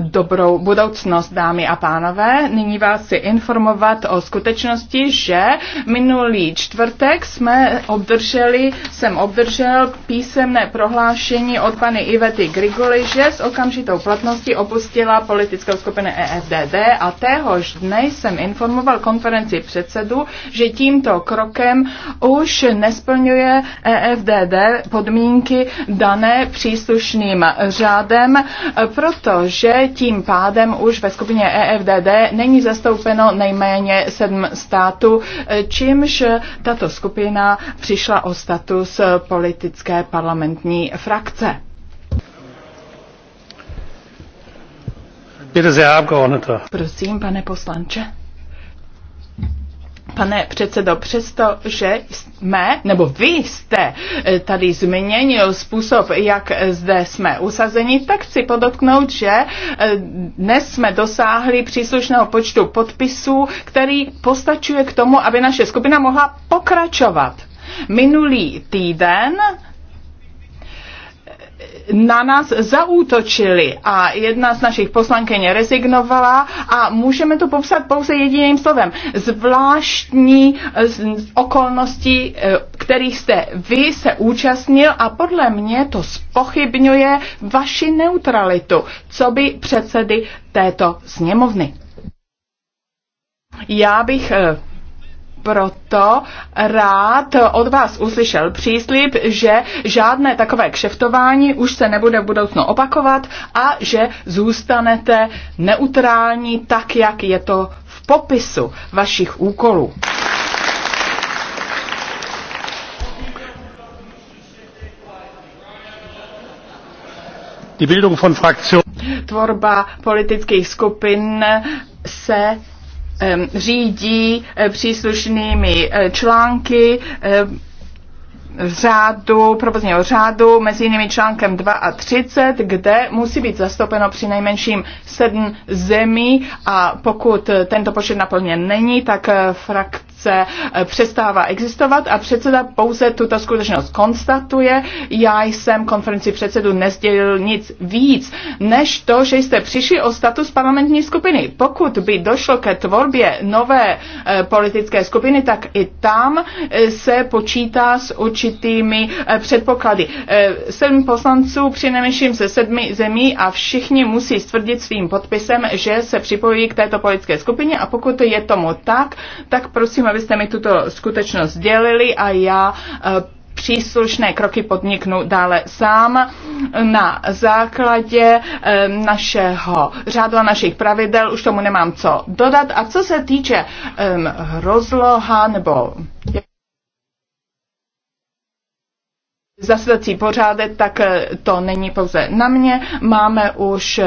dobrou budoucnost, dámy a pánové. Nyní vás chci informovat o skutečnosti, že minulý čtvrtek jsme obdrželi, jsem obdržel písemné prohlášení od pany Ivety Grigoli, že s okamžitou platností opustila politickou skupinu EFDD a téhož dne jsem informoval konferenci předsedu, že tímto krokem už nesplňuje EFDD podmínky dané příslušným řádem, protože tím pádem už ve skupině EFDD není zastoupeno nejméně sedm států, čímž tato skupina přišla o status politické parlamentní frakce. Prosím, pane poslanče. Pane předsedo, přesto, že jsme, nebo vy jste eh, tady změnil způsob, jak zde jsme usazeni, tak chci podotknout, že eh, dnes jsme dosáhli příslušného počtu podpisů, který postačuje k tomu, aby naše skupina mohla pokračovat. Minulý týden na nás zaútočili a jedna z našich poslankyň rezignovala a můžeme to popsat pouze jediným slovem. Zvláštní eh, okolnosti, eh, kterých jste vy se účastnil a podle mě to spochybňuje vaši neutralitu, co by předsedy této sněmovny. Já bych eh, proto rád od vás uslyšel příslip, že žádné takové kšeftování už se nebude v budoucnu opakovat a že zůstanete neutrální tak, jak je to v popisu vašich úkolů. Tvorba politických skupin se řídí eh, příslušnými eh, články eh, řádu, provozního řádu, mezi jinými článkem 2 a 30, kde musí být zastoupeno při nejmenším sedm zemí a pokud tento počet naplněn není, tak frak, skutečnostce eh, přestává existovat a předseda pouze tuto skutečnost konstatuje. Já jsem konferenci předsedu nezdělil nic víc, než to, že jste přišli o status parlamentní skupiny. Pokud by došlo ke tvorbě nové eh, politické skupiny, tak i tam eh, se počítá s určitými předpoklady. Sedm poslanců přinejmenším ze sedmi zemí a všichni musí stvrdit svým podpisem, že se připojí k této politické skupině a pokud je tomu tak, tak prosím abyste mi tuto skutečnost sdělili a já eh, příslušné kroky podniknu dále sám na základě eh, našeho řádu a našich pravidel. Už tomu nemám co dodat. A co se týče eh, rozloha nebo zasedací pořádek, tak to není pouze na mě. Máme už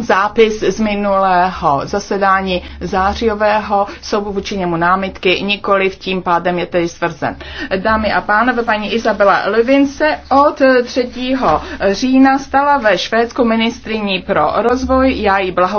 zápis z minulého zasedání zářijového, jsou vůči němu námitky, nikoli v tím pádem je tedy stvrzen. Dámy a pánové, paní Izabela Levin se od 3. října stala ve Švédsku ministriní pro rozvoj, já jí blaho